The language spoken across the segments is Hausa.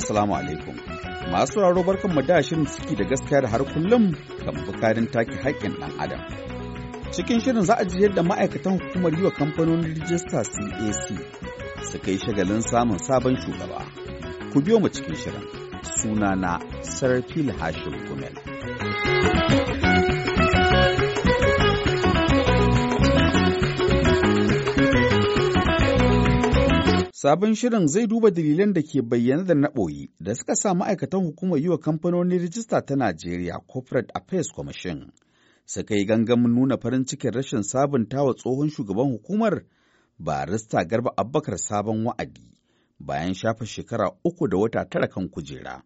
Assalamu alaikum. Masu sauraro barkan mu da shirin suke da gaskiya da har kullum kan bukarin take haƙƙin ɗan adam. Cikin shirin za a ji yadda ma'aikatan hukumar yi wa kamfanonin rijista CAC suka yi shagalin samun sabon shugaba. Ku biyo mu cikin shirin. Sunana Sarfil Hashim Gumel. Sabon shirin zai duba dalilan da ke bayyana da na da suka sa ma'aikatan hukumar yi wa kamfanonin rijista ta Najeriya Corporate Affairs Commission suka yi gangamin nuna farin cikin rashin sabunta wa tsohon shugaban hukumar barista Garba abbakar sabon wa'adi bayan shafa shekara uku da wata tara kan kujera.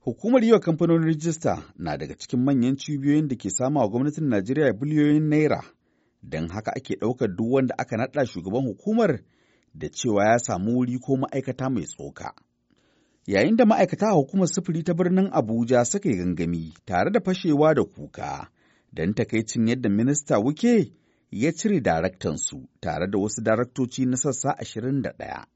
Hukumar yi wa kamfanonin rijista na daga cikin manyan cibiyoyin da ke sama wa gwamnatin Najeriya biliyoyin naira don haka ake ɗaukar duk wanda aka naɗa shugaban hukumar da cewa ya samu wuri ko ma'aikata mai tsoka. Yayin da ma'aikata a hukumar sufuri ta birnin Abuja suka yi gangami tare da fashewa da kuka don takaicin yadda minista wuke ya cire daraktansu tare da wasu daraktoci na sassa ashirin da ɗaya.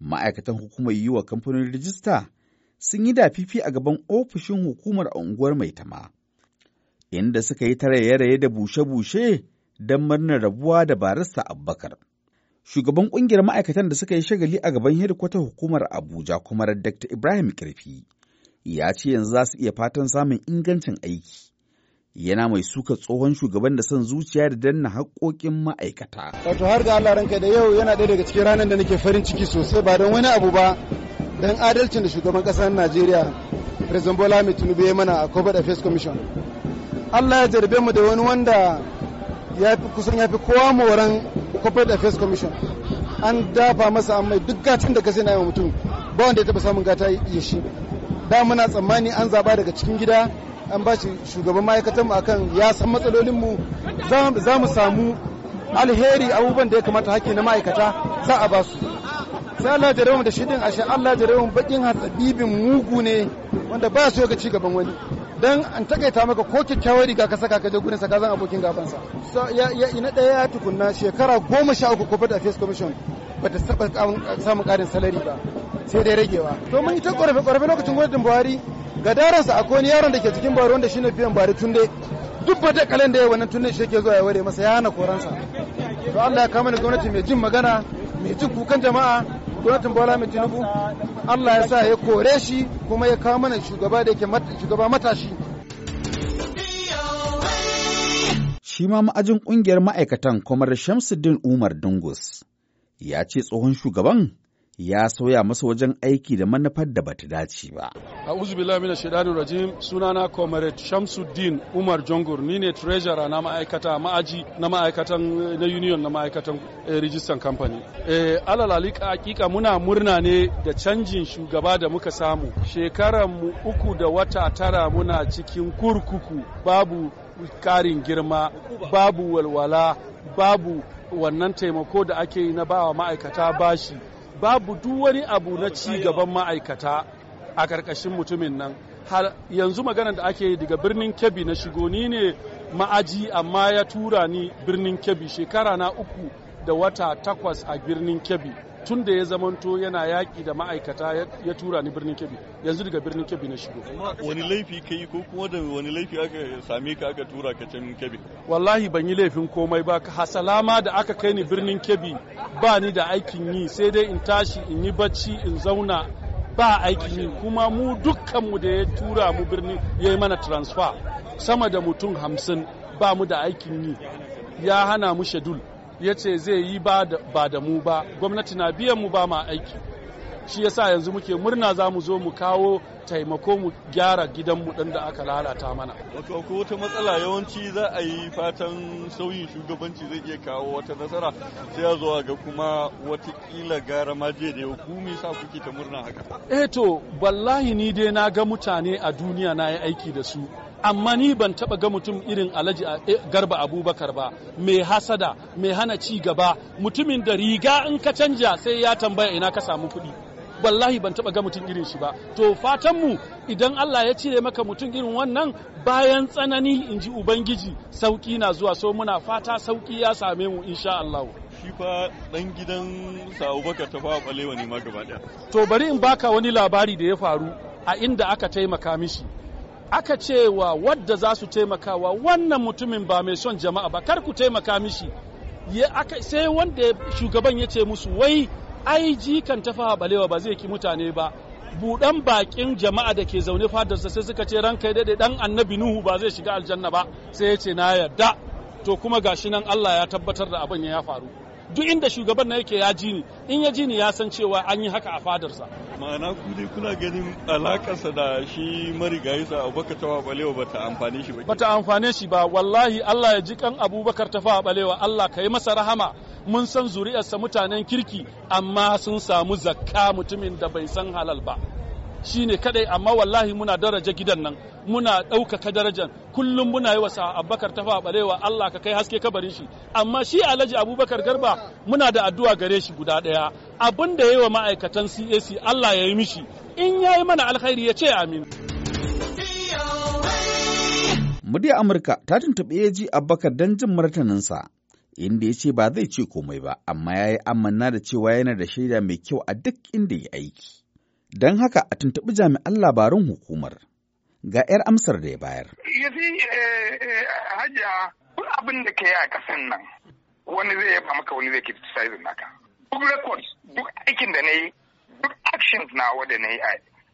Ma'aikatan hukumar yi wa kamfanin rijista sun yi dafifi a gaban ofishin hukumar a unguwar tama inda suka yi taraye-raye da bushe-bushe don murnar rabuwa da barista Abubakar. shugaban kungiyar ma'aikatan da suka yi shagali a gaban hedikwatar hukumar Abuja kuma Dr. Ibrahim Kirfi ya ce yanzu za su iya fatan samun ingancin aiki. Yana mai suka tsohon shugaban da son zuciya da danna haƙoƙin ma'aikata. Wato har da Allah ranka da yau yana ɗaya daga cikin ranar da nake farin ciki sosai ba don wani abu ba don adalcin da shugaban ƙasar Najeriya President Bola tunubu ya mana a Corporate Affairs Commission. Allah ya jarbe mu da wani wanda ya fi kusan ya fi kowa moran corporate affairs commission an dafa masa an mai duk gatin da ka na yi mutum ba wanda ya taba samun gata ya shi da muna tsammani an zaba daga cikin gida an ba shi shugaban ma'aikatan mu akan ya san matsalolin mu za mu samu alheri abubuwan da ya kamata hakki na ma'aikata za a ba su sai Allah jarewa da shi ashe Allah jarewa bakin hatsabibin mugu ne wanda ba su ga ci gaban wani dan an takaita maka ko kyakkyawar riga ka saka ka je gurin sa ka zan abokin gabansa ya ina daya ya tukunna shekara goma sha uku corporate affairs commission bata saba samun karin salari ba sai dai ragewa to mun yi ta korafe korafe lokacin gwamnatin buhari ga sa akwai wani yaron da ke cikin buhari wanda shine fiyan buhari tunde duk bata kalan da ya wannan tunde shi yake zuwa ya ware masa ya hana sa to Allah ya kama ni gwamnati mai jin magana mai jin kukan jama'a gwamnatin Bola mai Tinubu Allah ya sa ya kore shi kuma ya kawo mana shugaba da yake shugaba matashi shi ma ma'ajin ƙungiyar ma'aikatan kwamar Shamsuddin Umar Dungus ya ce tsohon shugaban ya soya masa wajen aiki da manufar da bata dace ba. A'udhu billahi minash shaitanir rajim sunana Comrade Shamsuddin Umar Jongur ni ne treasurer na ma'aikata ma'aji na ma'aikatan na union na ma'aikatan eh, rijistan kamfani. Eh alal hakika muna murna ne da canjin shugaba da muka samu. Shekaran mu uku da wata tara muna cikin kurkuku babu karin girma babu walwala babu wannan taimako da ake yi na bawa ma'aikata bashi babu duk wani abu na ci gaban ma'aikata a ƙarƙashin mutumin nan har yanzu maganar da ake yi daga birnin kebbi na shigo ni ne ma'aji amma ya tura ni birnin kebbi shekara na uku da wata takwas a birnin kebbi tun da ya zamanto yana yaƙi da ma'aikata ya tura ni birnin kebbi yanzu daga birnin kebbi na shigo wani laifi ka yi ko kuma da wani laifi aka same ka aka tura ka can kebbi wallahi ban yi laifin komai ba hasalama da aka kai ni birnin kebbi ba ni da aikin yi sai dai in tashi in yi bacci in zauna ba aikin yi kuma mu dukkanmu da ya tura mu birnin ya yi mana transfer sama da mutum hamsin ba mu da aikin yi ya hana mu shedul ya ce zai yi ba da mu ba gwamnati na biyan mu ba ma aiki shi yasa yanzu muke murna za mu zo mu kawo taimako mu gyara gidanmu ɗin da aka lalata mana. Wato ko wata matsala yawanci za a yi fatan sauyin shugabanci zai iya kawo wata nasara sai ya zuwa ga kuma watakila gara ma je da ku me sa kuke ta murna haka. Eh to wallahi ni dai na ga mutane a duniya na yi aiki da su amma ni ban taba ga mutum irin alhaji eh, garba abubakar ba mai hasada mai hana ci gaba mutumin da riga in ka canja sai ya tambaya ina ka samu kuɗi wallahi ban taba ga mutum irin shi ba to fatanmu idan Allah ya cire maka mutum irin wannan bayan tsanani in ji ubangiji sauki na zuwa so muna fata sauki ya same mu insha Allah shi fa dan gidan Sa'u ta fa balewa ne ma gaba daya to bari in baka wani labari da ya faru a inda aka taimaka mishi aka cewa wadda za su taimakawa wannan mutumin ba mai son jama'a ba kar ku taimaka mishi sai wanda shugaban ya ce musu wai ai jikan tafa balewa ba zai ki mutane ba budan bakin jama'a da ke zaune fadarsa sai suka ce ran kai daɗe ɗan annabi nuhu ba zai shiga aljanna ba sai ya ce na yarda to kuma gashi nan Allah ya tabbatar da abin ya faru duk inda shugaban na yake ya ji in ya jini ya san cewa an yi haka a fadarsa ma'ana ku dai kuna ganin alakarsa da shi marigayi sa abubakar tafa balewa bata amfane shi ba bata amfane shi ba wallahi Allah ya ji kan abubakar tafa balewa Allah ka yi masa rahama mun san zuri'arsa mutanen kirki amma sun samu zakka mutumin da bai san halal ba Shi ne kadai amma wallahi muna daraja gidan nan muna ɗaukaka darajar kullum muna yi wa abubakar tafa barewa Allah ka kai haske ka bari shi amma shi alaji abubakar garba muna da addu'a gare shi guda ɗaya abin da ya yi wa ma'aikatan cac Allah ya yi mishi in ya yi mana alkhairi ya ce amin Muryar Amurka ta tuntuɓi AG Abubakar don jin martaninsa, inda ya ce ba zai ce komai ba, amma ya yi amanna da cewa yana da shaida mai kyau a duk inda ya aiki. Don haka a tuntuɓi jami'an labarin hukumar. Ga 'yar amsar da ya bayar. Yafi eh, eh, hajiya abin da ke yi a kasan nan wani zai yaba maka wani zai criticize naka. Duk records, duk aikin da na yi, duk actions na wanda na yi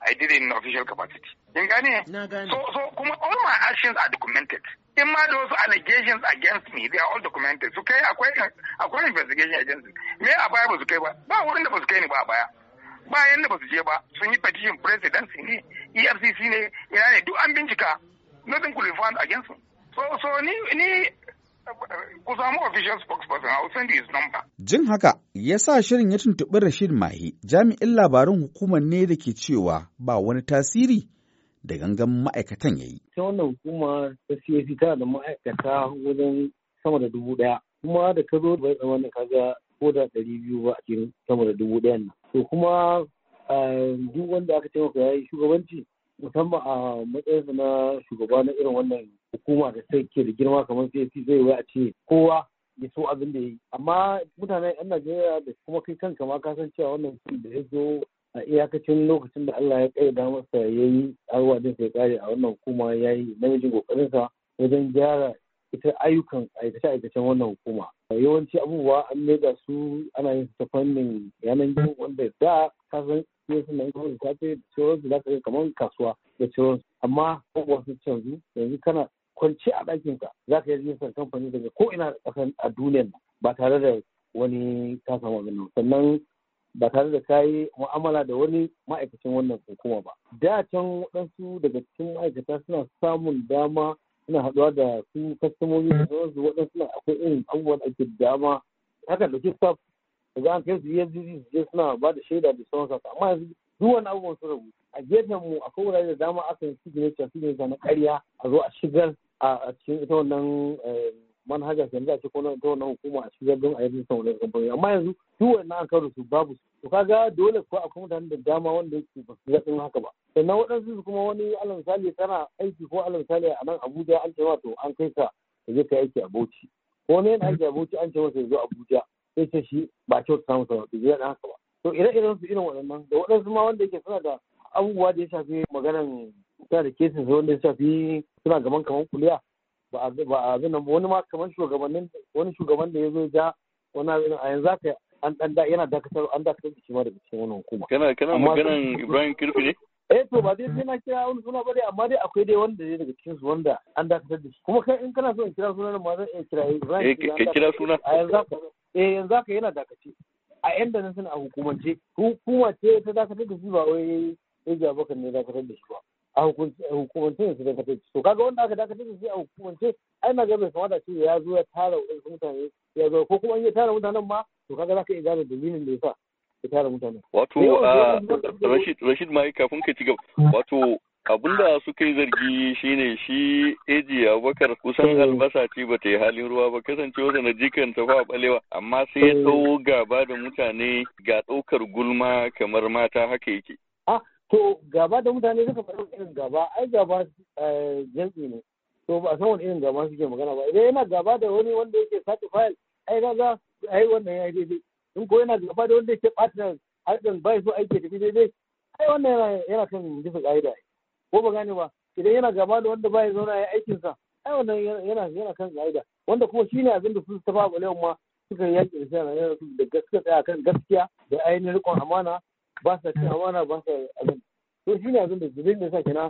I did in official capacity. In gane? Na gane. So, so all my actions are documented. In da wasu allegations against me, they are all documented. So, kai akwai investigation against me. Me a baya ba su kai ba. Ba wurin da ba su kai ni ba a baya. bayan da ba su je ba sun yi petition president ne efcc ne ina ne duk an bincika nothing could be found against him so so ni ni ku samu official spokesperson a send his number jin haka ya sa shirin ya tuntuɓi Rashid Mahi jami'in labarin hukumar ne da ke cewa ba wani tasiri da gangan ma'aikatan ya yi. Ta wannan hukuma ta CAC fita da ma'aikata wajen sama da dubu ɗaya. Kuma da ka zo da bai tsammanin ka ko da ɗari biyu ba a cikin sama da dubu ɗayan nan. to kuma duk wanda aka ce maka ya yi shugabanci musamman a matsayinsa na shugaba na irin wannan hukuma da ke da girma kamar CAC zai wai a ce kowa ya so abin da ya yi amma mutanen yan Najeriya da kuma kai kanka ma kasan cewa wannan da ya zo a iyakacin lokacin da Allah ya damar masa ya yi arwa din sai kare a wannan hukuma ya yi namijin kokarinsa wajen gyara ita ayyukan aikace-aikacen wannan hukuma yawanci abubuwa an maida su ana yin su ta fannin yanan gizo wanda da kasan sai suna yin kawai ta da za ka yi kamar kasuwa da su amma abubuwa sun canzu yanzu kana kwanci a ka za ka yi rijistar kamfani daga ko ina ƙasan a duniyan ba tare da wani ka samu abin sannan ba tare da ka yi mu'amala da wani ma'aikacin wannan hukuma ba da can waɗansu daga cikin ma'aikata suna samun dama suna haɗuwa da su kastomomi da su waɗansu suna akwai irin abubuwan da ake dama haka da da za a kai su yanzu je suna ba da shaida da sauransu amma yanzu duk wani abubuwan sun rabu a gefen mu akwai wurare da dama aka yi signature signature na ƙarya a zo a shigar a cikin ita wannan eh, manhajar yanzu a ce ko ta wannan hukuma a shigar don a yi rijistar wani kamfani amma yanzu duk wannan an karo su babu su to kaga dole ko akwai mutanen da dama wanda yake ba su zaɓin haka ba sannan waɗansu su kuma wani alal misali kana aiki ko alal misali a nan Abuja an ce ma to an kai ka ka je ka aiki a Bauchi ko ne yana aiki a Bauchi an ce masa ya zo Abuja sai ce shi ba kyau ta samu sauran bai zaɓin haka ba to ire-iren su irin waɗannan da waɗansu ma wanda yake suna da abubuwa da ya shafi maganan suna da kesin wanda ya shafi suna gaban kamar kuliya ba a abin nan wani ma kamar shugabannin wani shugaban da ya zo ja wani a yanzu aka an dan yana dakatar an dakatar da shi ma daga cikin wannan hukuma kana kana maganan Ibrahim Kirfi ne eh to ba dai sai na kira wani suna ba dai amma dai akwai dai wanda dai daga cikin su wanda an dakatar da shi kuma kai in kana so in kira sunan ma zan iya kira Ibrahim eh kira suna a yanzu aka eh yanzu aka yana dakace a yan da nan suna a hukumance hukuma ce ta dakatar da shi ba wai eh, ya ji abokan ne dakatar da shi ba a hukumance su dakatar to kaga wanda aka dakatar da shi a hukumance ai na ga bai kamata ya zo ya tara wasu mutane ya zo ko kuma in ya tara mutanen ma to kaga zaka iya gane dalilin da yasa ya tara mutanen wato ah, Rashid Rashid mai kafin ka ci gaba wato abinda suka yi zargi shine shi eji abubakar kusan eh. albasa ce ba ta yi halin ruwa ba Kasance kasancewa na jikan ta fa balewa amma sai ya eh. tsawo gaba da mutane ga ɗaukar gulma kamar mata haka yake to gaba da mutane suka faru irin gaba ai gaba eh, jam'i ne to ba san wani irin gaba suke magana ba idan yana gaba da wani wanda yake sati fayil ai gaza, ai wannan ya daidai in ko yana gaba da wanda yake ɓata harkar bai so aiki tafi daidai ai wannan yana yana kan bisa ka'ida ko ba gane ba idan yana gaba da wanda bai zauna ya aikinsa ai wannan yana yana kan ka'ida wanda kuma shine abin da su ta fa ma suka yaƙi da shi da gaskiya tsaya kan gaskiya da ainihin riƙon amana ba sa cin amana ba sa abin to shi ne abin da zubin da sa kina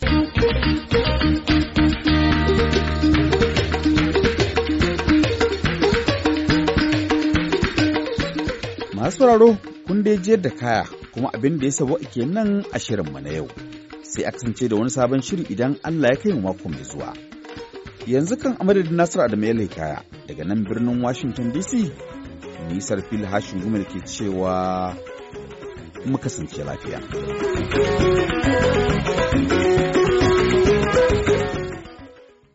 masu sauraro kun dai jiyar da kaya kuma abin da ya sabo ke nan a shirinmu na yau sai a kasance da wani sabon shiri idan Allah ya kai mu mako mai zuwa yanzu kan amadadin Nasiru Adamu ya kaya daga nan birnin Washington DC nisar fil hashin gumel ke cewa mu kasance lafiya.